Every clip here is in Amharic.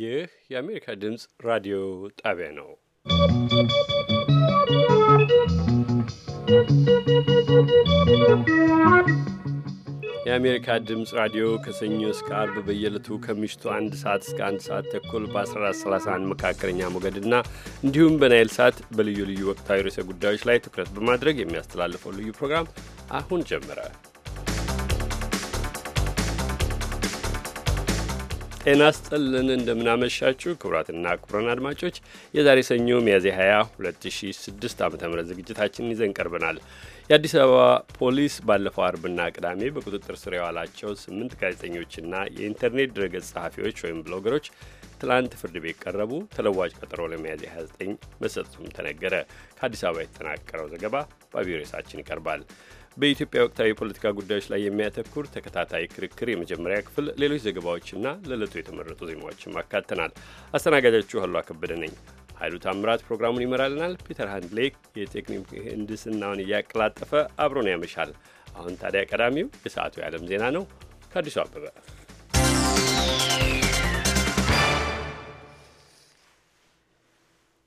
ይህ የአሜሪካ ድምፅ ራዲዮ ጣቢያ ነው። የአሜሪካ ድምፅ ራዲዮ ከሰኞ እስከ አርብ በየዕለቱ ከምሽቱ አንድ ሰዓት እስከ አንድ ሰዓት ተኩል በ1431 መካከለኛ ሞገድና እንዲሁም በናይል ሰዓት በልዩ ልዩ ወቅታዊ ርዕሰ ጉዳዮች ላይ ትኩረት በማድረግ የሚያስተላልፈው ልዩ ፕሮግራም አሁን ጀመረ። ጤና ስጥልን እንደምናመሻችሁ ክቡራትና ክቡራን አድማጮች የዛሬ ሰኞ ሚያዝያ 20 2006 ዓ ም ዝግጅታችንን ይዘን ቀርበናል። የአዲስ አበባ ፖሊስ ባለፈው አርብና ቅዳሜ በቁጥጥር ስር የዋላቸው ስምንት ጋዜጠኞችና የኢንተርኔት ድረገጽ ጸሐፊዎች ወይም ብሎገሮች ትላንት ፍርድ ቤት ቀረቡ። ተለዋጭ ቀጠሮ ለሚያዝያ 29 መሰጠቱም ተነገረ። ከአዲስ አበባ የተጠናቀረው ዘገባ በአብሬሳችን ይቀርባል። በኢትዮጵያ ወቅታዊ የፖለቲካ ጉዳዮች ላይ የሚያተኩር ተከታታይ ክርክር የመጀመሪያ ክፍል ሌሎች ዘገባዎችና ለዕለቱ የተመረጡ ዜማዎችም አካተናል። አስተናጋጃችሁ አሉ አከበደ ነኝ። ኃይሉ ታምራት ፕሮግራሙን ይመራልናል። ፒተር ሃንድሌክ የቴክኒክ ህንድስናውን እያቀላጠፈ አብሮን ያመሻል። አሁን ታዲያ ቀዳሚው የሰዓቱ የዓለም ዜና ነው ከአዲሱ አበበ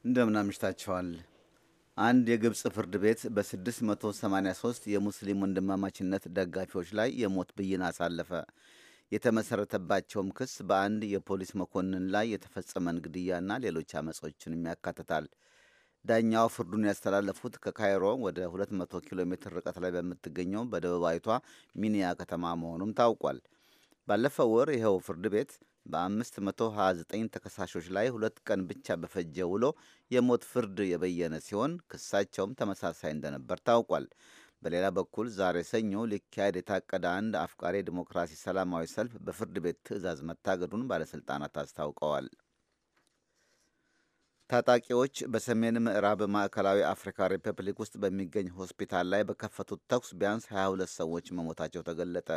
እንደምን አምሽታችኋል። አንድ የግብፅ ፍርድ ቤት በ683 የሙስሊም ወንድማማችነት ደጋፊዎች ላይ የሞት ብይን አሳለፈ። የተመሰረተባቸውም ክስ በአንድ የፖሊስ መኮንን ላይ የተፈጸመን ግድያና ሌሎች አመጾችንም ያካትታል። ዳኛው ፍርዱን ያስተላለፉት ከካይሮ ወደ 200 ኪሎ ሜትር ርቀት ላይ በምትገኘው በደቡባዊቷ ሚኒያ ከተማ መሆኑም ታውቋል። ባለፈው ወር ይኸው ፍርድ ቤት በ529 ተከሳሾች ላይ ሁለት ቀን ብቻ በፈጀ ውሎ የሞት ፍርድ የበየነ ሲሆን ክሳቸውም ተመሳሳይ እንደነበር ታውቋል። በሌላ በኩል ዛሬ ሰኞ ሊካሄድ የታቀደ አንድ አፍቃሪ ዲሞክራሲ ሰላማዊ ሰልፍ በፍርድ ቤት ትዕዛዝ መታገዱን ባለሥልጣናት አስታውቀዋል። ታጣቂዎች በሰሜን ምዕራብ ማዕከላዊ አፍሪካ ሪፐብሊክ ውስጥ በሚገኝ ሆስፒታል ላይ በከፈቱት ተኩስ ቢያንስ 22 ሰዎች መሞታቸው ተገለጠ።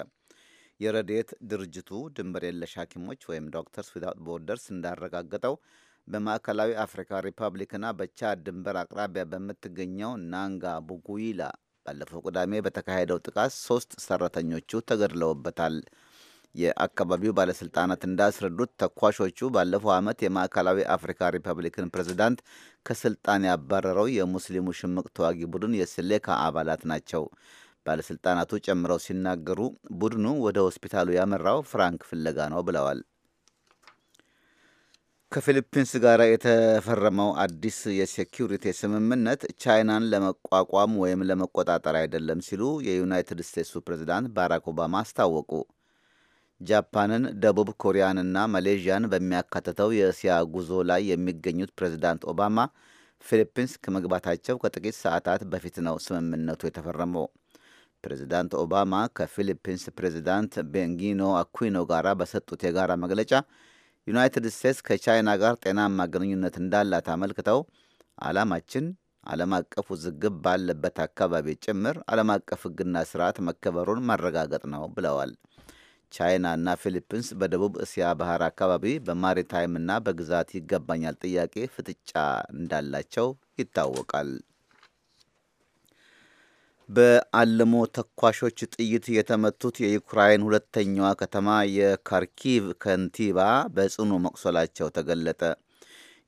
የረድኤት ድርጅቱ ድንበር የለሽ ሐኪሞች ወይም ዶክተርስ ዊዛውት ቦርደርስ እንዳረጋገጠው በማዕከላዊ አፍሪካ ሪፐብሊክና በቻድ ድንበር አቅራቢያ በምትገኘው ናንጋ ቡጉይላ ባለፈው ቅዳሜ በተካሄደው ጥቃት ሶስት ሰራተኞቹ ተገድለውበታል። የአካባቢው ባለስልጣናት እንዳስረዱት ተኳሾቹ ባለፈው ዓመት የማዕከላዊ አፍሪካ ሪፐብሊክን ፕሬዝዳንት ከስልጣን ያባረረው የሙስሊሙ ሽምቅ ተዋጊ ቡድን የስሌካ አባላት ናቸው። ባለሥልጣናቱ ጨምረው ሲናገሩ ቡድኑ ወደ ሆስፒታሉ ያመራው ፍራንክ ፍለጋ ነው ብለዋል። ከፊሊፒንስ ጋር የተፈረመው አዲስ የሴኪሪቲ ስምምነት ቻይናን ለመቋቋም ወይም ለመቆጣጠር አይደለም ሲሉ የዩናይትድ ስቴትሱ ፕሬዝዳንት ባራክ ኦባማ አስታወቁ። ጃፓንን፣ ደቡብ ኮሪያንና ማሌዥያን በሚያካትተው የእስያ ጉዞ ላይ የሚገኙት ፕሬዝዳንት ኦባማ ፊሊፒንስ ከመግባታቸው ከጥቂት ሰዓታት በፊት ነው ስምምነቱ የተፈረመው። ፕሬዚዳንት ኦባማ ከፊሊፒንስ ፕሬዚዳንት ቤንጊኖ አኩኖ ጋር በሰጡት የጋራ መግለጫ ዩናይትድ ስቴትስ ከቻይና ጋር ጤናማ ግንኙነት እንዳላት አመልክተው ዓላማችን ዓለም አቀፍ ውዝግብ ባለበት አካባቢ ጭምር ዓለም አቀፍ ሕግና ስርዓት መከበሩን ማረጋገጥ ነው ብለዋል። ቻይና እና ፊሊፒንስ በደቡብ እስያ ባህር አካባቢ በማሪታይም እና በግዛት ይገባኛል ጥያቄ ፍጥጫ እንዳላቸው ይታወቃል። በአልሞ ተኳሾች ጥይት የተመቱት የዩክራይን ሁለተኛዋ ከተማ የካርኪቭ ከንቲባ በጽኑ መቁሰላቸው ተገለጠ።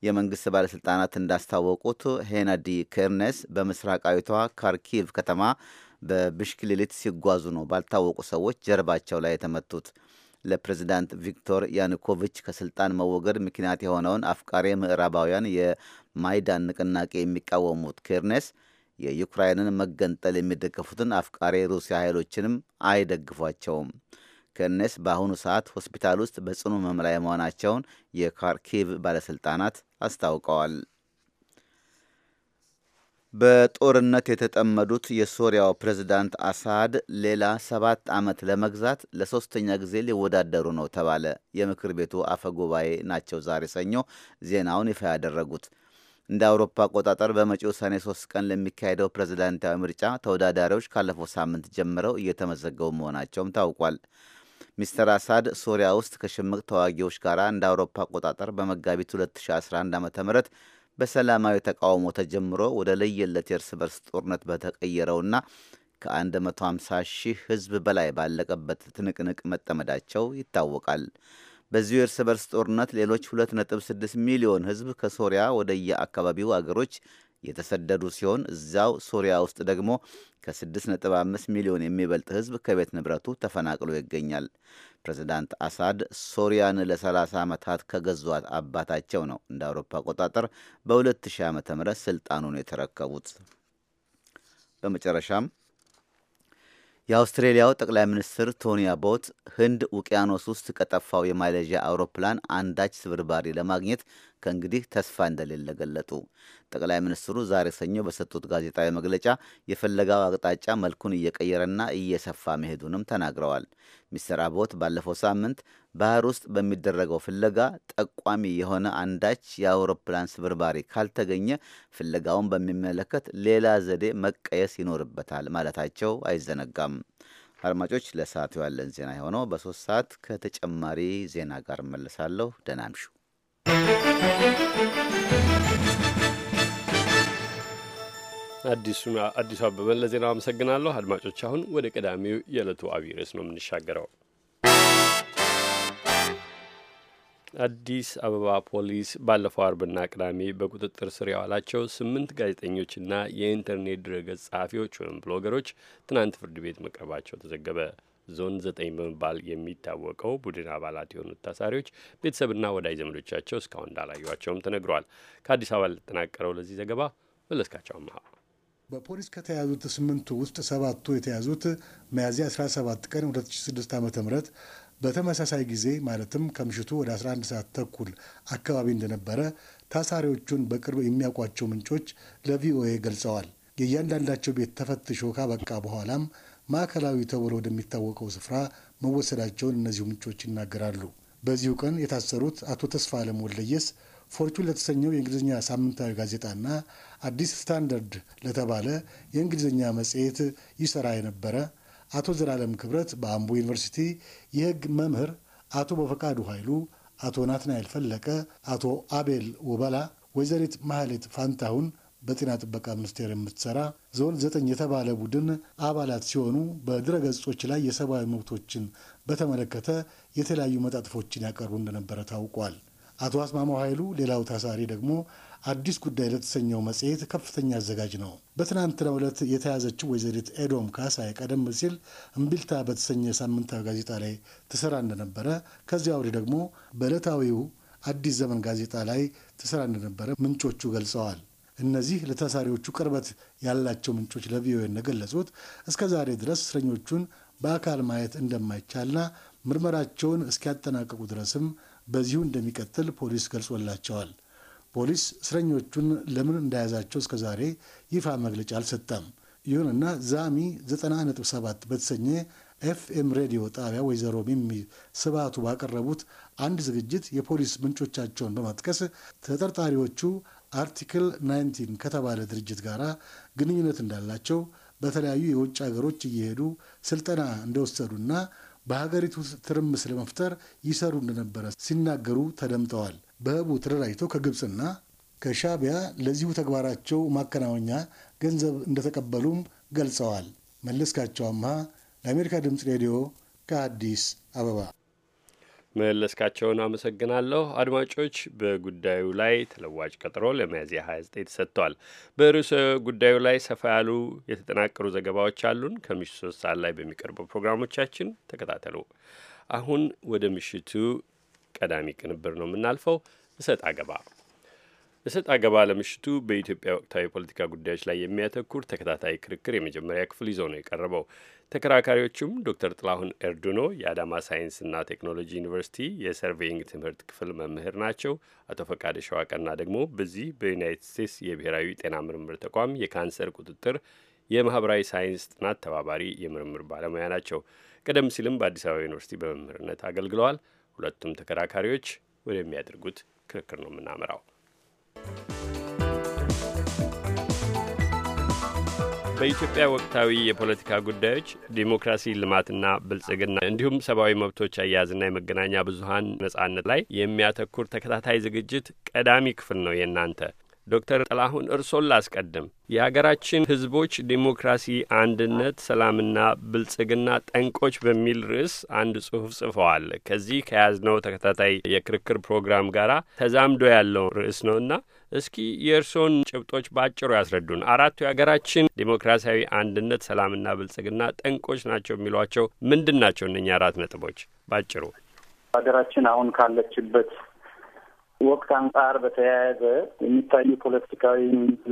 የመንግሥት ባለሥልጣናት እንዳስታወቁት ሄናዲ ኬርነስ በምስራቃዊቷ ካርኪቭ ከተማ በብሽክሌት ሲጓዙ ነው ባልታወቁ ሰዎች ጀርባቸው ላይ የተመቱት። ለፕሬዚዳንት ቪክቶር ያኑኮቪች ከስልጣን መወገድ ምክንያት የሆነውን አፍቃሪ ምዕራባውያን የማይዳን ንቅናቄ የሚቃወሙት ኬርነስ የዩክራይንን መገንጠል የሚደገፉትን አፍቃሪ ሩሲያ ኃይሎችንም አይደግፏቸውም። ከነስ በአሁኑ ሰዓት ሆስፒታል ውስጥ በጽኑ መምሪያ ላይ መሆናቸውን የካርኪቭ ባለሥልጣናት አስታውቀዋል። በጦርነት የተጠመዱት የሶሪያው ፕሬዝዳንት አሳድ ሌላ ሰባት ዓመት ለመግዛት ለሦስተኛ ጊዜ ሊወዳደሩ ነው ተባለ። የምክር ቤቱ አፈ ጉባኤ ናቸው ዛሬ ሰኞ ዜናውን ይፋ ያደረጉት። እንደ አውሮፓ አቆጣጠር በመጪው ሰኔ ሶስት ቀን ለሚካሄደው ፕሬዝዳንታዊ ምርጫ ተወዳዳሪዎች ካለፈው ሳምንት ጀምረው እየተመዘገቡ መሆናቸውም ታውቋል። ሚስተር አሳድ ሶሪያ ውስጥ ከሽምቅ ተዋጊዎች ጋር እንደ አውሮፓ አቆጣጠር በመጋቢት 2011 ዓ ም በሰላማዊ ተቃውሞ ተጀምሮ ወደ ለየለት የእርስ በርስ ጦርነት በተቀየረውና ከ150 ሺህ ሕዝብ በላይ ባለቀበት ትንቅንቅ መጠመዳቸው ይታወቃል። በዚሁ የእርስ በርስ ጦርነት ሌሎች 2.6 ሚሊዮን ህዝብ ከሶሪያ ወደ የአካባቢው አገሮች የተሰደዱ ሲሆን እዚያው ሶሪያ ውስጥ ደግሞ ከ6.5 ሚሊዮን የሚበልጥ ህዝብ ከቤት ንብረቱ ተፈናቅሎ ይገኛል። ፕሬዚዳንት አሳድ ሶሪያን ለ30 ዓመታት ከገዟት አባታቸው ነው እንደ አውሮፓ አቆጣጠር በ2000 ዓ ም ስልጣኑን የተረከቡት። በመጨረሻም የአውስትሬሊያው ጠቅላይ ሚኒስትር ቶኒ አቦት ህንድ ውቅያኖስ ውስጥ ከጠፋው የማሌዥያ አውሮፕላን አንዳች ስብርባሪ ለማግኘት ከእንግዲህ ተስፋ እንደሌለ ገለጡ። ጠቅላይ ሚኒስትሩ ዛሬ ሰኞ በሰጡት ጋዜጣዊ መግለጫ የፍለጋው አቅጣጫ መልኩን እየቀየረና እየሰፋ መሄዱንም ተናግረዋል። ሚስተር አቦት ባለፈው ሳምንት ባህር ውስጥ በሚደረገው ፍለጋ ጠቋሚ የሆነ አንዳች የአውሮፕላን ስብርባሪ ካልተገኘ ፍለጋውን በሚመለከት ሌላ ዘዴ መቀየስ ይኖርበታል ማለታቸው አይዘነጋም። አድማጮች፣ ለሰዓቱ ያለን ዜና የሆነው በሶስት ሰዓት ከተጨማሪ ዜና ጋር እመለሳለሁ። ደህና አዲሱ አበበን ለዜናው አመሰግናለሁ። አድማጮች፣ አሁን ወደ ቀዳሚው የዕለቱ አብይ ርዕስ ነው የምንሻገረው። አዲስ አበባ ፖሊስ ባለፈው አርብና ቅዳሜ በቁጥጥር ስር ያዋላቸው ስምንት ጋዜጠኞችና የኢንተርኔት ድረገጽ ጸሐፊዎች ወይም ብሎገሮች ትናንት ፍርድ ቤት መቅረባቸው ተዘገበ። ዞን ዘጠኝ በመባል የሚታወቀው ቡድን አባላት የሆኑት ታሳሪዎች ቤተሰብና ወዳጅ ዘመዶቻቸው እስካሁን እንዳላዩቸውም ተነግሯል። ከአዲስ አበባ ለተጠናቀረው ለዚህ ዘገባ መለስካቸው አመሃ። በፖሊስ ከተያዙት ስምንቱ ውስጥ ሰባቱ የተያዙት ሚያዝያ 17 ቀን 2006 ዓ ም በተመሳሳይ ጊዜ ማለትም ከምሽቱ ወደ 11 ሰዓት ተኩል አካባቢ እንደነበረ ታሳሪዎቹን በቅርብ የሚያውቋቸው ምንጮች ለቪኦኤ ገልጸዋል። የእያንዳንዳቸው ቤት ተፈትሾ ካበቃ በኋላም ማዕከላዊ ተብሎ ወደሚታወቀው ስፍራ መወሰዳቸውን እነዚሁ ምንጮች ይናገራሉ። በዚሁ ቀን የታሰሩት አቶ ተስፋ አለም ወልደየስ ፎርቹን ለተሰኘው የእንግሊዝኛ ሳምንታዊ ጋዜጣና አዲስ ስታንዳርድ ለተባለ የእንግሊዝኛ መጽሔት ይሰራ የነበረ አቶ ዘላለም ክብረት በአምቦ ዩኒቨርሲቲ የሕግ መምህር፣ አቶ በፈቃዱ ኃይሉ፣ አቶ ናትናኤል ፈለቀ፣ አቶ አቤል ወበላ፣ ወይዘሪት ማህሌት ፋንታሁን በጤና ጥበቃ ሚኒስቴር የምትሰራ ዞን ዘጠኝ የተባለ ቡድን አባላት ሲሆኑ በድረ ገጾች ላይ የሰብአዊ መብቶችን በተመለከተ የተለያዩ መጣጥፎችን ያቀርቡ እንደነበረ ታውቋል። አቶ አስማማው ኃይሉ ሌላው ታሳሪ ደግሞ አዲስ ጉዳይ ለተሰኘው መጽሔት ከፍተኛ አዘጋጅ ነው። በትናንትናው ዕለት የተያዘችው ወይዘሪት ኤዶም ካሳይ ቀደም ሲል እምቢልታ በተሰኘ ሳምንታዊ ጋዜጣ ላይ ትሰራ እንደነበረ፣ ከዚያ ወዲህ ደግሞ በዕለታዊው አዲስ ዘመን ጋዜጣ ላይ ትሰራ እንደነበረ ምንጮቹ ገልጸዋል። እነዚህ ለታሳሪዎቹ ቅርበት ያላቸው ምንጮች ለቪኦኤ እንደገለጹት እስከ ዛሬ ድረስ እስረኞቹን በአካል ማየት እንደማይቻልና ምርመራቸውን እስኪያጠናቀቁ ድረስም በዚሁ እንደሚቀጥል ፖሊስ ገልጾላቸዋል። ፖሊስ እስረኞቹን ለምን እንደያዛቸው እስከ ዛሬ ይፋ መግለጫ አልሰጠም። ይሁንና ዛሚ 90.7 በተሰኘ ኤፍኤም ሬዲዮ ጣቢያ ወይዘሮ ሚሚ ስባቱ ባቀረቡት አንድ ዝግጅት የፖሊስ ምንጮቻቸውን በመጥቀስ ተጠርጣሪዎቹ አርቲክል 19 ከተባለ ድርጅት ጋር ግንኙነት እንዳላቸው በተለያዩ የውጭ ሀገሮች እየሄዱ ስልጠና እንደወሰዱና በሀገሪቱ ትርምስ ለመፍጠር ይሰሩ እንደነበረ ሲናገሩ ተደምጠዋል። በህቡ ተደራጅተው ከግብፅና ከሻቢያ ለዚሁ ተግባራቸው ማከናወኛ ገንዘብ እንደተቀበሉም ገልጸዋል። መለስካቸው አምሃ ለአሜሪካ ድምፅ ሬዲዮ ከአዲስ አበባ መለስካቸውን አመሰግናለሁ። አድማጮች በጉዳዩ ላይ ተለዋጭ ቀጠሮ ለሚያዝያ 29 ተሰጥቷል። በርዕሰ ጉዳዩ ላይ ሰፋ ያሉ የተጠናቀሩ ዘገባዎች አሉን። ከምሽቱ ሶስት ሰዓት ላይ በሚቀርበው ፕሮግራሞቻችን ተከታተሉ። አሁን ወደ ምሽቱ ቀዳሚ ቅንብር ነው የምናልፈው። እሰጥ አገባ እሰጥ አገባ ለምሽቱ በኢትዮጵያ ወቅታዊ የፖለቲካ ጉዳዮች ላይ የሚያተኩር ተከታታይ ክርክር የመጀመሪያ ክፍል ይዞ ነው የቀረበው። ተከራካሪዎቹም ዶክተር ጥላሁን ኤርዱኖ የአዳማ ሳይንስና ቴክኖሎጂ ዩኒቨርሲቲ የሰርቬይንግ ትምህርት ክፍል መምህር ናቸው። አቶ ፈቃደ ሸዋቀና ደግሞ በዚህ በዩናይትድ ስቴትስ የብሔራዊ ጤና ምርምር ተቋም የካንሰር ቁጥጥር የማህበራዊ ሳይንስ ጥናት ተባባሪ የምርምር ባለሙያ ናቸው። ቀደም ሲልም በአዲስ አበባ ዩኒቨርሲቲ በመምህርነት አገልግለዋል። ሁለቱም ተከራካሪዎች ወደሚያደርጉት ክርክር ነው የምናመራው። በኢትዮጵያ ወቅታዊ የፖለቲካ ጉዳዮች ዲሞክራሲ ልማትና ብልጽግና እንዲሁም ሰብአዊ መብቶች አያያዝና የመገናኛ ብዙሀን ነጻነት ላይ የሚያተኩር ተከታታይ ዝግጅት ቀዳሚ ክፍል ነው የእናንተ። ዶክተር ጥላሁን እርሶን ላስቀድም። የሀገራችን ህዝቦች ዲሞክራሲ፣ አንድነት፣ ሰላምና ብልጽግና ጠንቆች በሚል ርዕስ አንድ ጽሑፍ ጽፈዋል። ከዚህ ከያዝነው ተከታታይ የክርክር ፕሮግራም ጋር ተዛምዶ ያለው ርዕስ ነውና እስኪ የእርስዎን ጭብጦች በአጭሩ ያስረዱን። አራቱ የሀገራችን ዴሞክራሲያዊ አንድነት፣ ሰላምና ብልጽግና ጠንቆች ናቸው የሚሏቸው ምንድን ናቸው? እነኛ አራት ነጥቦች ባጭሩ። ሀገራችን አሁን ካለችበት ወቅት አንጻር በተያያዘ የሚታዩ ፖለቲካዊ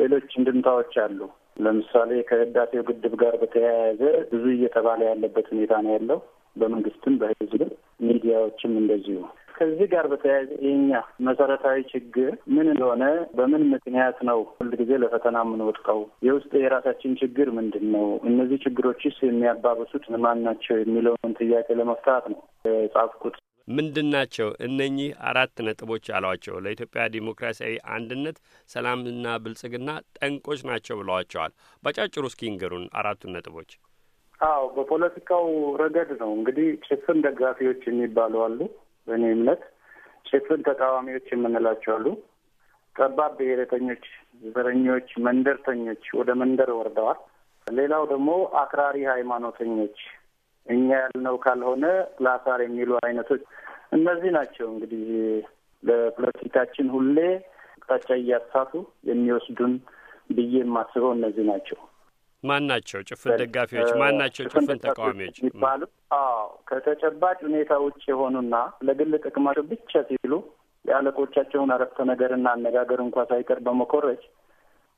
ሌሎች እንድምታዎች አሉ። ለምሳሌ ከህዳሴው ግድብ ጋር በተያያዘ ብዙ እየተባለ ያለበት ሁኔታ ነው ያለው፣ በመንግስትም በህዝብ ሚዲያዎችም እንደዚሁ ከዚህ ጋር በተያያዘ የኛ መሰረታዊ ችግር ምን እንደሆነ፣ በምን ምክንያት ነው ሁል ጊዜ ለፈተና የምንወድቀው፣ የውስጥ የራሳችን ችግር ምንድን ነው፣ እነዚህ ችግሮችስ የሚያባብሱት ማን ናቸው የሚለውን ጥያቄ ለመፍታት ነው የጻፍኩት። ምንድን ናቸው እነኚህ አራት ነጥቦች አሏቸው። ለኢትዮጵያ ዲሞክራሲያዊ አንድነት ሰላምና ብልጽግና ጠንቆች ናቸው ብለዋቸዋል። ባጫጭሩ እስኪ ንገሩን አራቱን ነጥቦች። አዎ፣ በፖለቲካው ረገድ ነው እንግዲህ ጭፍን ደጋፊዎች የሚባሉ አሉ። በእኔ እምነት ጭፍን ተቃዋሚዎች የምንላቸው አሉ። ጠባብ ብሔረተኞች፣ ዘረኞች፣ መንደርተኞች ወደ መንደር ወርደዋል። ሌላው ደግሞ አክራሪ ሃይማኖተኞች፣ እኛ ያልነው ካልሆነ ላሳር የሚሉ አይነቶች እነዚህ ናቸው እንግዲህ ለፖለቲካችን ሁሌ አቅጣጫ እያሳቱ የሚወስዱን ብዬ የማስበው እነዚህ ናቸው። ማን ናቸው ጭፍን ደጋፊዎች? ማን ናቸው ጭፍን ተቃዋሚዎች የሚባሉ? አዎ ከተጨባጭ ሁኔታ ውጭ የሆኑና ለግል ጥቅማቸው ብቻ ሲሉ የአለቆቻቸውን አረፍተ ነገርና አነጋገር እንኳ ሳይቀር በመኮረጅ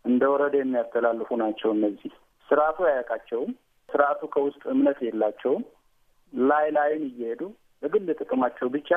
እንደ ወረደ የሚያስተላልፉ ናቸው። እነዚህ ስርዓቱ አያውቃቸውም። ስርዓቱ ከውስጥ እምነት የላቸውም። ላይ ላይን እየሄዱ ለግል ጥቅማቸው ብቻ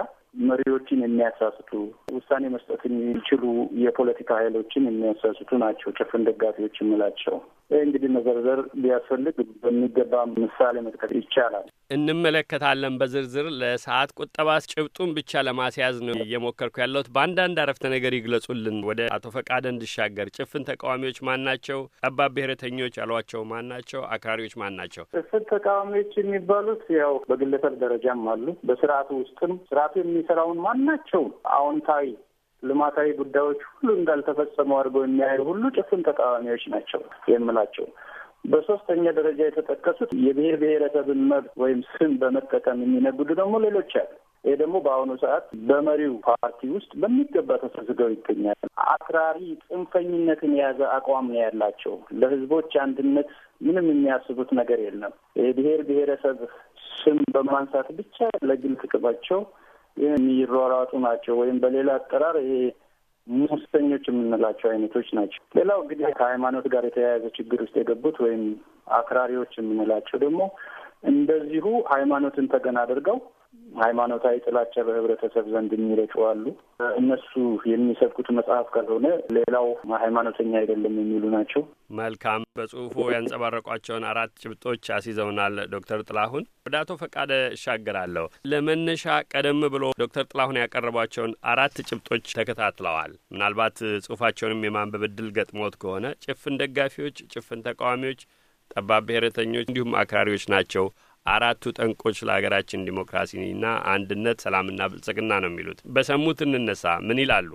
መሪዎችን የሚያሳስቱ ውሳኔ መስጠት የሚችሉ የፖለቲካ ኃይሎችን የሚያሳስቱ ናቸው። ጭፍን ደጋፊዎች የምላቸው ይህ እንግዲህ መዘርዘር ቢያስፈልግ በሚገባ ምሳሌ መጥቀት ይቻላል። እንመለከታለን በዝርዝር። ለሰዓት ቁጠባ ጭብጡን ብቻ ለማስያዝ ነው እየሞከርኩ ያለሁት። በአንዳንድ አረፍተ ነገር ይግለጹልን። ወደ አቶ ፈቃደ እንድሻገር። ጭፍን ተቃዋሚዎች ማን ናቸው? ጠባብ ብሔረተኞች ያሏቸው ማን ናቸው? አክራሪዎች ማን ናቸው? ጭፍን ተቃዋሚዎች የሚባሉት ያው በግለሰብ ደረጃም አሉ፣ በስርአቱ ውስጥም ስርአቱ የሚሰራውን ማናቸው አዎንታዊ ልማታዊ ጉዳዮች ሁሉ እንዳልተፈጸሙ አድርገው የሚያዩ ሁሉ ጭፍን ተቃዋሚዎች ናቸው የምላቸው። በሶስተኛ ደረጃ የተጠቀሱት የብሔር ብሔረሰብን መብት ወይም ስም በመጠቀም የሚነግዱ ደግሞ ሌሎች አሉ። ይሄ ደግሞ በአሁኑ ሰዓት በመሪው ፓርቲ ውስጥ በሚገባ ተሰስገው ይገኛል። አክራሪ ጽንፈኝነትን የያዘ አቋም ነው ያላቸው። ለህዝቦች አንድነት ምንም የሚያስቡት ነገር የለም። የብሔር ብሔረሰብ ስም በማንሳት ብቻ ለግል ጥቅማቸው የሚሯሯጡ ናቸው ወይም በሌላ አጠራር ይሄ ሙሰኞች የምንላቸው አይነቶች ናቸው። ሌላው እንግዲህ ከሃይማኖት ጋር የተያያዘ ችግር ውስጥ የገቡት ወይም አክራሪዎች የምንላቸው ደግሞ እንደዚሁ ሃይማኖትን ተገን አድርገው ሃይማኖታዊ ጥላቻ በህብረተሰብ ዘንድ የሚረጩ አሉ። እነሱ የሚሰብኩት መጽሐፍ ካልሆነ ሌላው ሃይማኖተኛ አይደለም የሚሉ ናቸው። መልካም። በጽሁፉ ያንጸባረቋቸውን አራት ጭብጦች አስይዘውናል ዶክተር ጥላሁን። ወደ አቶ ፈቃደ እሻገራለሁ። ለመነሻ ቀደም ብሎ ዶክተር ጥላሁን ያቀረቧቸውን አራት ጭብጦች ተከታትለዋል። ምናልባት ጽሁፋቸውንም የማንበብ እድል ገጥሞት ከሆነ ጭፍን ደጋፊዎች፣ ጭፍን ተቃዋሚዎች፣ ጠባብ ብሔረተኞች እንዲሁም አክራሪዎች ናቸው አራቱ ጠንቆች ለሀገራችን ዲሞክራሲና አንድነት፣ ሰላምና ብልጽግና ነው የሚሉት። በሰሙት እንነሳ ምን ይላሉ?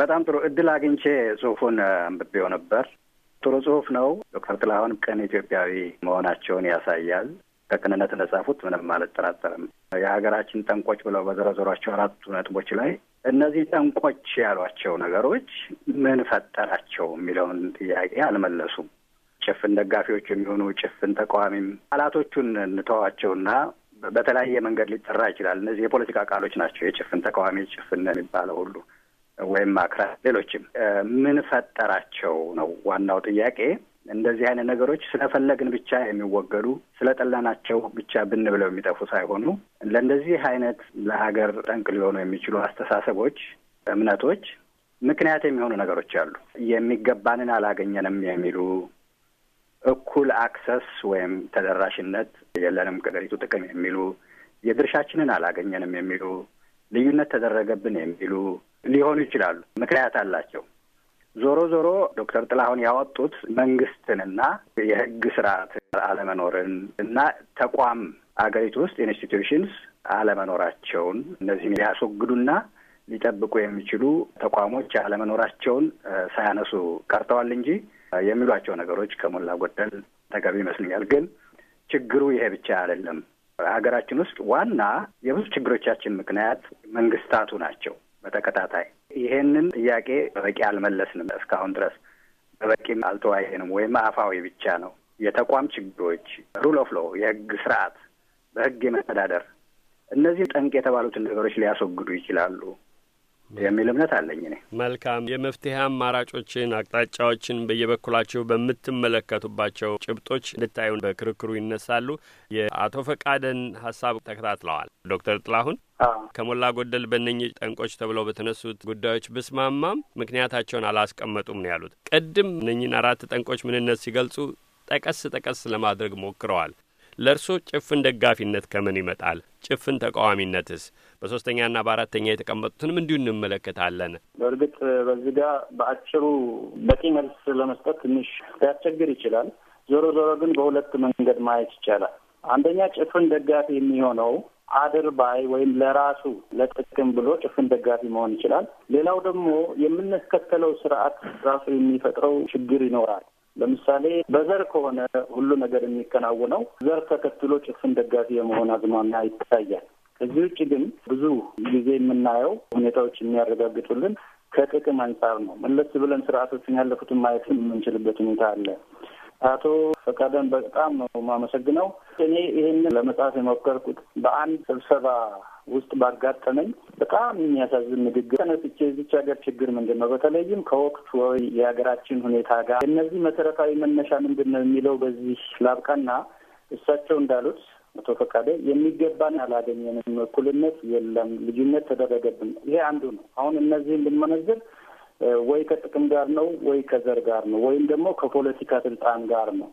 በጣም ጥሩ እድል አግኝቼ ጽሁፉን አንብቤው ነበር። ጥሩ ጽሁፍ ነው። ዶክተር ጥላሁን ቅን ኢትዮጵያዊ መሆናቸውን ያሳያል። ከቅንነት እንደጻፉት ምንም አልጠራጠርም። የሀገራችን ጠንቆች ብለው በዘረዘሯቸው አራቱ ነጥቦች ላይ እነዚህ ጠንቆች ያሏቸው ነገሮች ምን ፈጠራቸው የሚለውን ጥያቄ አልመለሱም። ጭፍን ደጋፊዎች የሚሆኑ ጭፍን ተቃዋሚም ቃላቶቹን እንተዋቸውና በተለያየ መንገድ ሊጠራ ይችላል። እነዚህ የፖለቲካ ቃሎች ናቸው። የጭፍን ተቃዋሚ ጭፍን የሚባለው ሁሉ ወይም አክራ፣ ሌሎችም ምን ፈጠራቸው ነው ዋናው ጥያቄ። እንደዚህ አይነት ነገሮች ስለፈለግን ብቻ የሚወገዱ ስለጠላናቸው ብቻ ብን ብለው የሚጠፉ ሳይሆኑ ለእንደዚህ አይነት ለሀገር ጠንቅ ሊሆኑ የሚችሉ አስተሳሰቦች፣ እምነቶች ምክንያት የሚሆኑ ነገሮች አሉ። የሚገባንን አላገኘንም የሚሉ እኩል አክሰስ ወይም ተደራሽነት የለንም፣ ከገሪቱ ጥቅም የሚሉ የድርሻችንን አላገኘንም የሚሉ ልዩነት ተደረገብን የሚሉ ሊሆኑ ይችላሉ። ምክንያት አላቸው። ዞሮ ዞሮ ዶክተር ጥላሁን ያወጡት መንግስትንና የህግ ስርዓት አለመኖርን እና ተቋም አገሪቱ ውስጥ ኢንስቲትዩሽንስ አለመኖራቸውን እነዚህን ሊያስወግዱና ሊጠብቁ የሚችሉ ተቋሞች አለመኖራቸውን ሳያነሱ ቀርተዋል እንጂ የሚሏቸው ነገሮች ከሞላ ጎደል ተገቢ ይመስለኛል። ግን ችግሩ ይሄ ብቻ አይደለም። ሀገራችን ውስጥ ዋና የብዙ ችግሮቻችን ምክንያት መንግስታቱ ናቸው። በተከታታይ ይሄንን ጥያቄ በበቂ አልመለስንም። እስካሁን ድረስ በበቂ አልተወያየንም፣ ወይም አፋዊ ብቻ ነው። የተቋም ችግሮች፣ ሩል ኦፍ ሎ፣ የህግ ስርዓት፣ በህግ የመተዳደር እነዚህ ጠንቅ የተባሉትን ነገሮች ሊያስወግዱ ይችላሉ። የሚል እምነት አለኝ። እኔ መልካም የመፍትሄ አማራጮችን አቅጣጫዎችን በየበኩላቸው በምትመለከቱባቸው ጭብጦች እንድታዩን በክርክሩ ይነሳሉ። የአቶ ፈቃደን ሀሳብ ተከታትለዋል። ዶክተር ጥላሁን ከሞላ ጎደል በእነኚህ ጠንቆች ተብለው በተነሱት ጉዳዮች ብስማማም ምክንያታቸውን አላስቀመጡም ነው ያሉት። ቅድም እነኚህን አራት ጠንቆች ምንነት ሲገልጹ ጠቀስ ጠቀስ ለማድረግ ሞክረዋል። ለእርሶ ጭፍን ደጋፊነት ከምን ይመጣል? ጭፍን ተቃዋሚነትስ በሶስተኛና በአራተኛ የተቀመጡትንም እንዲሁ እንመለከታለን። በእርግጥ በዚህ ጋር በአጭሩ በቂ መልስ ለመስጠት ትንሽ ሊያስቸግር ይችላል። ዞሮ ዞሮ ግን በሁለት መንገድ ማየት ይቻላል። አንደኛ ጭፍን ደጋፊ የሚሆነው አድር ባይ ወይም ለራሱ ለጥቅም ብሎ ጭፍን ደጋፊ መሆን ይችላል። ሌላው ደግሞ የምንከተለው ስርዓት ራሱ የሚፈጥረው ችግር ይኖራል። ለምሳሌ በዘር ከሆነ ሁሉ ነገር የሚከናወነው ዘር ተከትሎ ጭፍን ደጋፊ የመሆን አዝማሚያ ይታያል። እዚህ ውጭ ግን ብዙ ጊዜ የምናየው ሁኔታዎች የሚያረጋግጡልን ከጥቅም አንጻር ነው። መለስ ብለን ስርዓቶችን ያለፉትን ማየት የምንችልበት ሁኔታ አለ። አቶ ፈቃደን በጣም ነው የማመሰግነው። እኔ ይህንን ለመጽሐፍ የሞከርኩት በአንድ ስብሰባ ውስጥ ባጋጠመኝ በጣም የሚያሳዝን ንግግር ተነስቼ የዚች ሀገር ችግር ምንድን ነው፣ በተለይም ከወቅት ወይ የሀገራችን ሁኔታ ጋር እነዚህ መሰረታዊ መነሻ ምንድን ነው የሚለው በዚህ ላብቃና እሳቸው እንዳሉት አቶ ፈቃደ የሚገባን አላገኘንም፣ እኩልነት የለም፣ ልዩነት ተደረገብን። ይሄ አንዱ ነው። አሁን እነዚህን ብንመነዝር ወይ ከጥቅም ጋር ነው ወይ ከዘር ጋር ነው ወይም ደግሞ ከፖለቲካ ስልጣን ጋር ነው።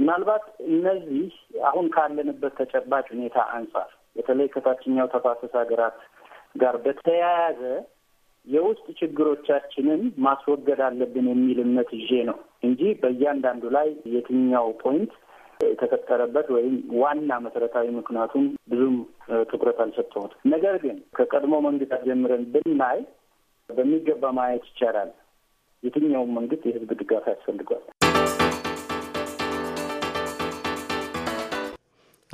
ምናልባት እነዚህ አሁን ካለንበት ተጨባጭ ሁኔታ አንጻር በተለይ ከታችኛው ተፋሰስ ሀገራት ጋር በተያያዘ የውስጥ ችግሮቻችንን ማስወገድ አለብን የሚል እምነት ይዤ ነው እንጂ በእያንዳንዱ ላይ የትኛው ፖይንት የተፈጠረበት ወይም ዋና መሰረታዊ ምክንያቱም ብዙም ትኩረት አልሰጠሁትም። ነገር ግን ከቀድሞ መንግስታት ጀምረን ብናይ በሚገባ ማየት ይቻላል። የትኛውም መንግስት የህዝብ ድጋፍ ያስፈልገዋል።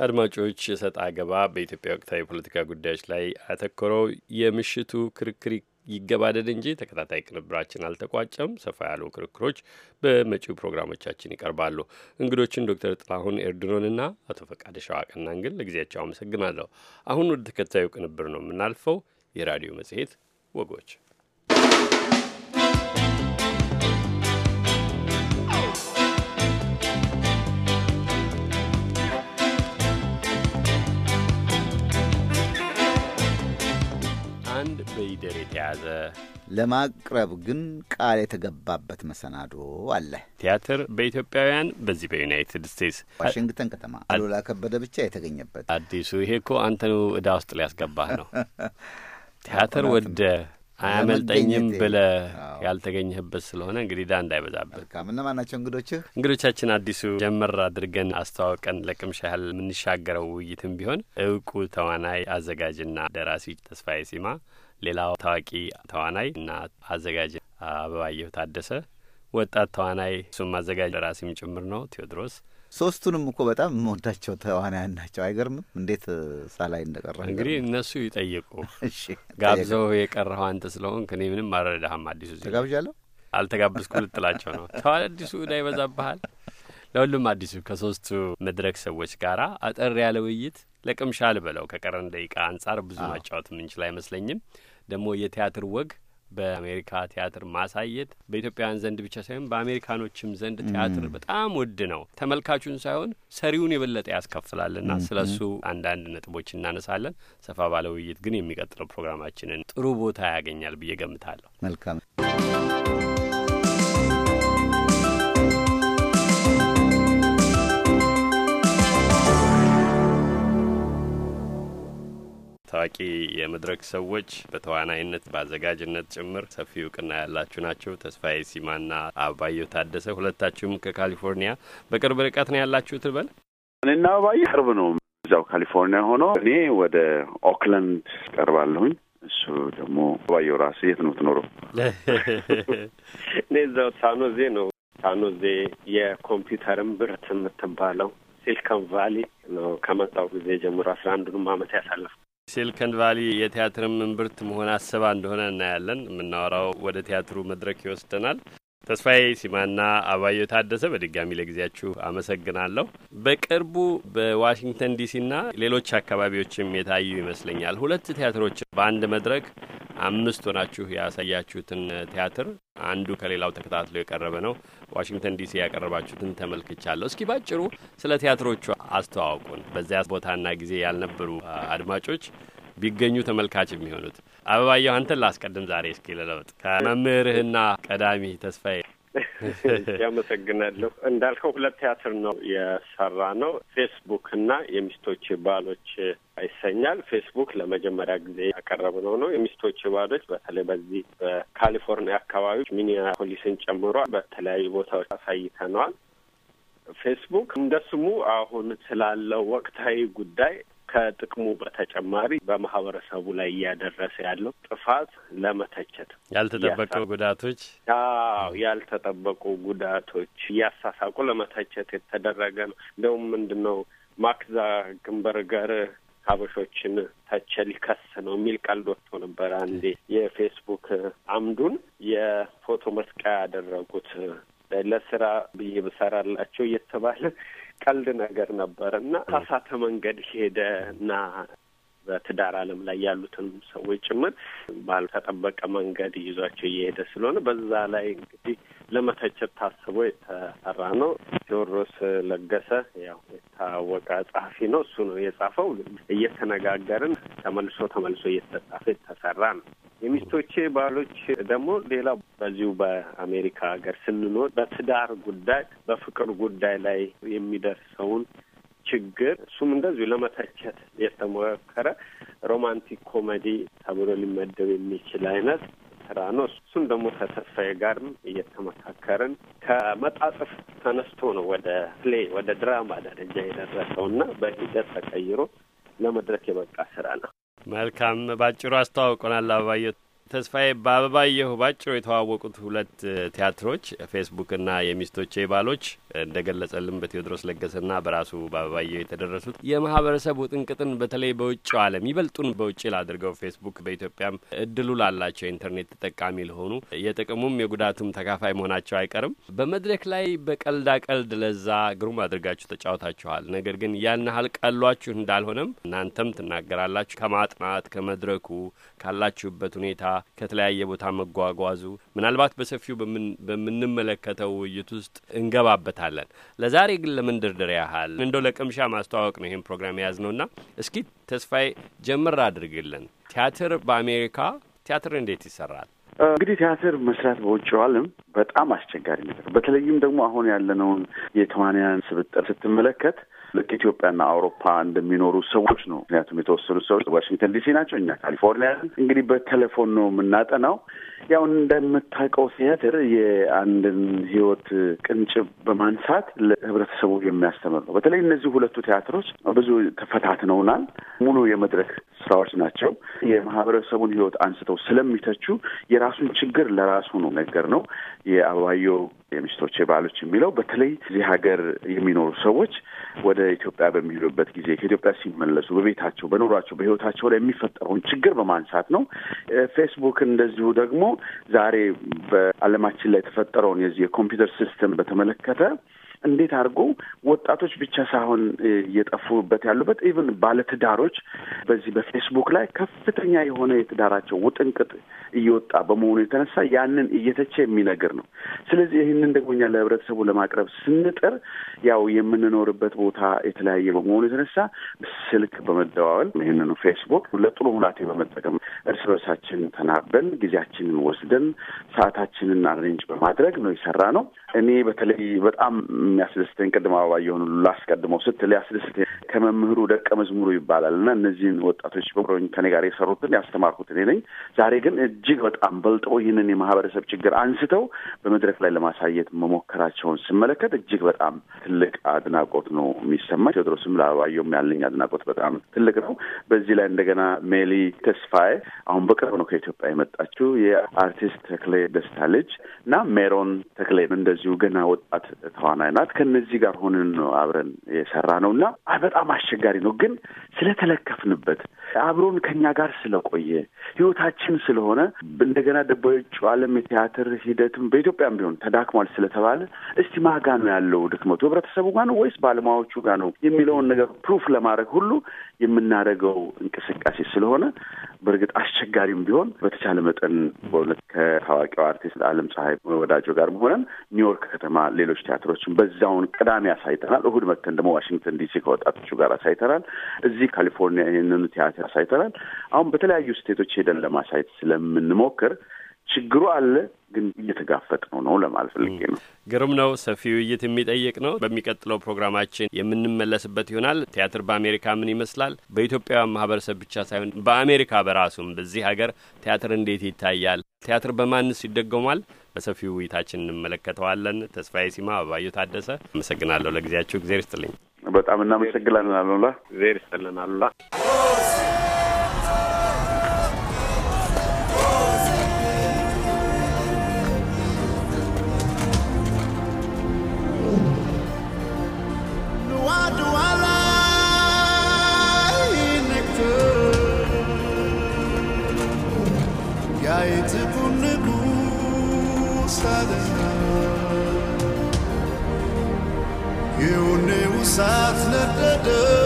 አድማጮች፣ የሰጥ አገባ በኢትዮጵያ ወቅታዊ የፖለቲካ ጉዳዮች ላይ አተኮረው የምሽቱ ክርክር ይገባደድ እንጂ ተከታታይ ቅንብራችን አልተቋጨም። ሰፋ ያሉ ክርክሮች በመጪው ፕሮግራሞቻችን ይቀርባሉ። እንግዶችን ዶክተር ጥላሁን ኤርድኖንና አቶ ፈቃደ ሸዋቀናን ግን ለጊዜያቸው አመሰግናለሁ። አሁን ወደ ተከታዩ ቅንብር ነው የምናልፈው። የራዲዮ መጽሔት ወጎች በኢደር የተያዘ ለማቅረብ ግን ቃል የተገባበት መሰናዶ አለ። ቲያትር በኢትዮጵያውያን በዚህ በዩናይትድ ስቴትስ ዋሽንግተን ከተማ አሉላ ከበደ ብቻ የተገኘበት አዲሱ። ይሄ እኮ አንተኑ እዳ ውስጥ ሊያስገባህ ነው። ቲያትር ወደ አያመልጠኝም ብለ ያልተገኘህበት ስለሆነ እንግዲህ ዳ እንዳይበዛበት መልካም። እነማን ናቸው እንግዶችህ? እንግዶቻችን አዲሱ ጀመር አድርገን አስተዋውቀን ለቅምሻ ያህል የምንሻገረው ውይይትም ቢሆን እውቁ ተዋናይ አዘጋጅና ደራሲ ተስፋዬ ሲማ ሌላው ታዋቂ ተዋናይ እና አዘጋጅ አበባየሁ ታደሰ ወጣት ተዋናይ እሱም አዘጋጅ ደራሲም ጭምር ነው። ቴዎድሮስ ሶስቱንም እኮ በጣም የምወዳቸው ተዋናያን ናቸው። አይገርምም? እንዴት ሳላይ እንደቀረ እንግዲህ እነሱ ይጠይቁ። ጋብዘው የቀረኸው አንተ ስለሆንክ እኔ ምንም አልረዳህም። አዲሱ ተጋብዣለሁ አልተጋብዝኩ ልጥላቸው ነው። ተዋል አዲሱ እዳ ይበዛብሃል። ለሁሉም አዲሱ ከሶስቱ መድረክ ሰዎች ጋር አጠር ያለ ውይይት ለቅምሻ ልበለው ከቀረን ደቂቃ አንጻር ብዙ ማጫወት የምንችል አይመስለኝም። ደግሞ የቲያትር ወግ በአሜሪካ ቲያትር ማሳየት በኢትዮጵያውያን ዘንድ ብቻ ሳይሆን በአሜሪካኖችም ዘንድ ቲያትር በጣም ውድ ነው። ተመልካቹን ሳይሆን ሰሪውን የበለጠ ያስከፍላልና ስለ እሱ አንዳንድ ነጥቦች እናነሳለን። ሰፋ ባለ ውይይት ግን የሚቀጥለው ፕሮግራማችንን ጥሩ ቦታ ያገኛል ብዬ ገምታለሁ። መልካም ታዋቂ የመድረክ ሰዎች በተዋናይነት በአዘጋጅነት ጭምር ሰፊ እውቅና ያላችሁ ናቸው። ተስፋዬ ሲማና አባየሁ ታደሰ ሁለታችሁም ከካሊፎርኒያ በቅርብ ርቀት ነው ያላችሁ ትልበል። እኔና አባየ ቅርብ ነው፣ እዛው ካሊፎርኒያ ሆኖ እኔ ወደ ኦክላንድ ቀርባለሁኝ። እሱ ደግሞ አባየሁ ራስህ የት ነው የምትኖረው? እኔ እዛው ሳኖዜ ነው። ሳኖዜ የኮምፒውተርን ብርት የምትባለው ሲሊኮን ቫሊ ነው። ከመጣው ጊዜ ጀምሮ አስራ አንዱንም አመት ያሳለፍ ሲልከን ቫሊ የቲያትር እምብርት መሆን አስባ እንደሆነ እናያለን። የምናወራው ወደ ቲያትሩ መድረክ ይወስደናል። ተስፋዬ ሲማና አባዮ ታደሰ በድጋሚ ለጊዜያችሁ አመሰግናለሁ። በቅርቡ በዋሽንግተን ዲሲና ሌሎች አካባቢዎችም የታዩ ይመስለኛል ሁለት ቲያትሮች በአንድ መድረክ አምስት ሆናችሁ ያሳያችሁትን ቲያትር አንዱ ከሌላው ተከታትሎ የቀረበ ነው። ዋሽንግተን ዲሲ ያቀረባችሁትን ተመልክቻለሁ። እስኪ ባጭሩ ስለ ቲያትሮቹ አስተዋውቁን። በዚያ ቦታና ጊዜ ያልነበሩ አድማጮች ቢገኙ ተመልካች የሚሆኑት አበባየሁ አንተን ላስቀድም ዛሬ እስኪ ለለውጥ ከመምህርህና ቀዳሚ ተስፋዬ ያመሰግናለሁ። እንዳልከው ሁለት ቲያትር ነው የሰራ ነው። ፌስቡክ እና የሚስቶች ባሎች ይሰኛል። ፌስቡክ ለመጀመሪያ ጊዜ ያቀረብነው ነው። የሚስቶች ባሎች በተለይ በዚህ በካሊፎርኒያ አካባቢ ሚኒያፖሊስን ጨምሮ በተለያዩ ቦታዎች አሳይተነዋል። ፌስቡክ እንደ ስሙ አሁን ስላለው ወቅታዊ ጉዳይ ከጥቅሙ በተጨማሪ በማህበረሰቡ ላይ እያደረሰ ያለው ጥፋት ለመተቸት ያልተጠበቁ ጉዳቶች፣ አዎ ያልተጠበቁ ጉዳቶች እያሳሳቁ ለመተቸት የተደረገ ነው። እንደውም ምንድን ነው ማክዛ ግንበርገር ሀበሾችን ተቸ ሊከስ ነው የሚል ቀልድ ወጥቶ ነበር። አንዴ የፌስቡክ አምዱን የፎቶ መስቀያ ያደረጉት ለስራ ብዬ ብሰራላቸው እየተባለ ቀልድ ነገር ነበር እና አሳተ መንገድ ሄደ እና በትዳር ዓለም ላይ ያሉትን ሰዎች ጭምር ባልተጠበቀ መንገድ ይዟቸው እየሄደ ስለሆነ በዛ ላይ እንግዲህ ለመተቸት ታስቦ የተሰራ ነው። ቴዎድሮስ ለገሰ ያው የታወቀ ጸሐፊ ነው። እሱ ነው የጻፈው። እየተነጋገርን ተመልሶ ተመልሶ እየተጻፈ የተሰራ ነው። የሚስቶቼ ባሎች ደግሞ ሌላ በዚሁ በአሜሪካ ሀገር ስንኖር በትዳር ጉዳይ በፍቅር ጉዳይ ላይ የሚደርሰውን ችግር እሱም እንደዚሁ ለመተቸት የተሞከረ ሮማንቲክ ኮሜዲ ተብሎ ሊመደብ የሚችል አይነት ስራ ነው። እሱም ደግሞ ከተስፋዬ ጋርም እየተመካከርን ከመጣጥፍ ተነስቶ ነው ወደ ፕሌይ ወደ ድራማ ደረጃ የደረሰው እና በሂደት ተቀይሮ ለመድረክ የበቃ ስራ ነው። መልካም፣ ባጭሩ አስተዋውቀናል አበባየት። ተስፋዬ በአበባየሁ ባጭሩ የተዋወቁት ሁለት ቲያትሮች ፌስቡክና የሚስቶቼ ባሎች እንደ ገለጸልን በቴዎድሮስ ለገሰና በራሱ በአበባየሁ የተደረሱት የማህበረሰቡ ጥንቅጥን በተለይ በውጭ ዓለም ይበልጡን በውጭ ላድርገው ፌስቡክ በኢትዮጵያም እድሉ ላላቸው የኢንተርኔት ተጠቃሚ ለሆኑ የጥቅሙም የጉዳቱም ተካፋይ መሆናቸው አይቀርም። በመድረክ ላይ በቀልዳ ቀልድ ለዛ ግሩም አድርጋችሁ ተጫውታችኋል። ነገር ግን ያን ያህል ቀሏችሁ እንዳልሆነም እናንተም ትናገራላችሁ። ከማጥናት ከመድረኩ ካላችሁበት ሁኔታ ከተለያየ ቦታ መጓጓዙ ምናልባት በሰፊው በምንመለከተው ውይይት ውስጥ እንገባበታለን። ለዛሬ ግን ለመንደርደሪያ ያህል እንደው ለቅምሻ ማስተዋወቅ ነው ይህን ፕሮግራም የያዝ ነውና እስኪ ተስፋዬ ጀምር አድርግልን። ቲያትር በአሜሪካ ቲያትር እንዴት ይሰራል? እንግዲህ ቲያትር መስራት በውጭው ዓለም በጣም አስቸጋሪ ነገር፣ በተለይም ደግሞ አሁን ያለነውን የተዋንያን ስብጥር ስትመለከት ልክ ኢትዮጵያና አውሮፓ እንደሚኖሩ ሰዎች ነው። ምክንያቱም የተወሰኑ ሰዎች ዋሽንግተን ዲሲ ናቸው፣ እኛ ካሊፎርኒያ። እንግዲህ በቴሌፎን ነው የምናጠናው። ያው እንደምታውቀው ቲያትር የአንድን ህይወት ቅንጭብ በማንሳት ለህብረተሰቡ የሚያስተምር ነው። በተለይ እነዚህ ሁለቱ ቲያትሮች ብዙ ተፈታትነውናል። ሙሉ የመድረክ ስራዎች ናቸው። የማህበረሰቡን ህይወት አንስተው ስለሚተቹ የራሱን ችግር ለራሱ ነው ነገር ነው። የአበባዮ የሚስቶች የባሎች የሚለው በተለይ እዚህ ሀገር የሚኖሩ ሰዎች ወደ ኢትዮጵያ በሚሄዱበት ጊዜ ከኢትዮጵያ ሲመለሱ በቤታቸው፣ በኑሯቸው፣ በህይወታቸው ላይ የሚፈጠረውን ችግር በማንሳት ነው። ፌስቡክ እንደዚሁ ደግሞ ዛሬ በዓለማችን ላይ የተፈጠረውን የዚህ የኮምፒውተር ሲስተም በተመለከተ እንዴት አድርጎ ወጣቶች ብቻ ሳይሆን እየጠፉበት ያሉበት ኢቨን ባለትዳሮች በዚህ በፌስቡክ ላይ ከፍተኛ የሆነ የትዳራቸው ውጥንቅጥ እየወጣ በመሆኑ የተነሳ ያንን እየተቸ የሚነግር ነው። ስለዚህ ይህንን ደግሞ እኛ ለህብረተሰቡ ለማቅረብ ስንጥር ያው የምንኖርበት ቦታ የተለያየ በመሆኑ የተነሳ ስልክ በመደዋወል ይህንኑ ፌስቡክ ለጥሩ ሙላቴ በመጠቀም እርስ በርሳችን ተናበን ጊዜያችንን ወስደን ሰዓታችንን አሬንጅ በማድረግ ነው የሰራ ነው። እኔ በተለይ በጣም የሚያስደስተኝ ቅድም አበባ የሆኑ ላስቀድመው ስትል ያስደስት ከመምህሩ ደቀ መዝሙሩ ይባላል እና እነዚህን ወጣቶች በሮኝ ከኔ ጋር የሰሩትን ያስተማርኩት እኔ ነኝ። ዛሬ ግን እጅግ በጣም በልጠው ይህንን የማህበረሰብ ችግር አንስተው በመድረክ ላይ ለማሳየት መሞከራቸውን ስመለከት እጅግ በጣም ትልቅ አድናቆት ነው የሚሰማ። ቴዎድሮስም ለአበባየሁም ያለኝ አድናቆት በጣም ትልቅ ነው። በዚህ ላይ እንደገና ሜሊ ተስፋዬ አሁን በቅርብ ነው ከኢትዮጵያ የመጣችው የአርቲስት ተክሌ ደስታ ልጅ እና ሜሮን ተክሌ እንደዚሁ ገና ወጣት ተዋናይ ናት። ሰዓት ከነዚህ ጋር ሆነን ነው አብረን የሰራ ነው እና በጣም አስቸጋሪ ነው። ግን ስለተለከፍንበት አብሮን ከኛ ጋር ስለቆየ ህይወታችን ስለሆነ እንደገና በውጭ ዓለም የቲያትር ሂደትም በኢትዮጵያም ቢሆን ተዳክሟል ስለተባለ እስቲ ማጋ ነው ያለው ድክመቱ ህብረተሰቡ ጋ ነው ወይስ ባለሙያዎቹ ጋ ነው የሚለውን ነገር ፕሩፍ ለማድረግ ሁሉ የምናደርገው እንቅስቃሴ ስለሆነ በእርግጥ አስቸጋሪም ቢሆን በተቻለ መጠን በእውነት ከታዋቂው አርቲስት አለም ፀሐይ ወዳጆ ጋር መሆነን ኒውዮርክ ከተማ ሌሎች ቲያትሮችን በዛውን ቅዳሜ አሳይተናል። እሁድ መተን ደግሞ ዋሽንግተን ዲሲ ከወጣቶቹ ጋር አሳይተናል። እዚህ ካሊፎርኒያ ይህንኑ ቲያትር አሳይተናል። አሁን በተለያዩ ስቴቶች ሄደን ለማሳየት ስለምንሞክር ችግሩ አለ፣ ግን እየተጋፈጥ ነው ነው ለማለት ፈልጌ ነው። ግሩም ነው። ሰፊ ውይይት የሚጠይቅ ነው። በሚቀጥለው ፕሮግራማችን የምንመለስበት ይሆናል። ቲያትር በአሜሪካ ምን ይመስላል? በኢትዮጵያውያን ማህበረሰብ ብቻ ሳይሆን በአሜሪካ በራሱም በዚህ ሀገር ቲያትር እንዴት ይታያል? ቲያትር በማንስ ይደጎማል? በሰፊ ውይይታችን እንመለከተዋለን። ተስፋዬ ሲማ፣ አበባየሁ ታደሰ፣ አመሰግናለሁ ለጊዜያችሁ። እግዜር ይስጥልኝ። በጣም እናመሰግናለን አሉላ። ዜር ይስጥልን አሉላ። I ne usat na the da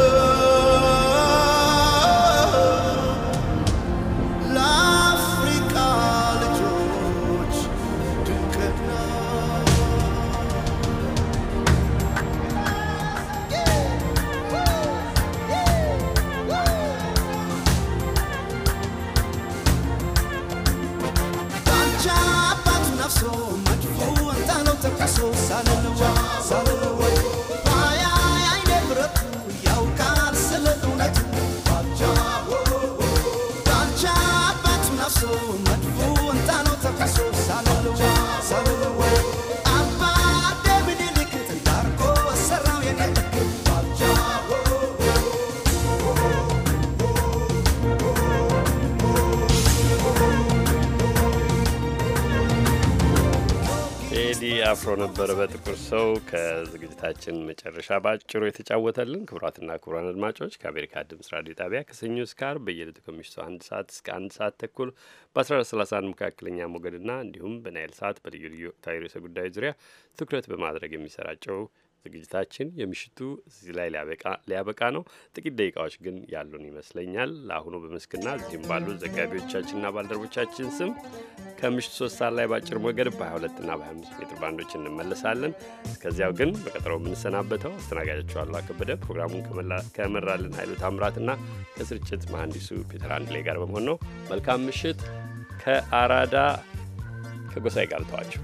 አፍሮ ነበረ በጥቁር ሰው ከዝግጅታችን መጨረሻ በአጭሩ የተጫወተልን። ክቡራትና ክቡራን አድማጮች ከአሜሪካ ድምጽ ራዲዮ ጣቢያ ከሰኞ እስከ ዓርብ በየዕለቱ ከምሽቱ አንድ ሰዓት እስከ አንድ ሰዓት ተኩል በ1431 መካከለኛ ሞገድና እንዲሁም በናይል ሰዓት በልዩ ልዩ ወቅታዊ ርዕሰ ጉዳዮች ዙሪያ ትኩረት በማድረግ የሚሰራጨው ዝግጅታችን የምሽቱ እዚህ ላይ ሊያበቃ ነው። ጥቂት ደቂቃዎች ግን ያሉን ይመስለኛል። ለአሁኑ በመስክና እዚህም ባሉ ዘጋቢዎቻችንና ባልደረቦቻችን ስም ከምሽቱ ሶስት ሰዓት ላይ በአጭር ሞገድ በ22ና በ25 ሜትር ባንዶች እንመለሳለን። እስከዚያው ግን በቀጠሮው የምንሰናበተው አስተናጋጃችሁ አሉ ፕሮግራሙን ከመራልን ኃይሉ ታምራትና ከስርጭት መሐንዲሱ ፒተር አንድሌ ጋር በመሆን ነው። መልካም ምሽት። ከአራዳ ከጎሳይ ጋር ተዋቸው።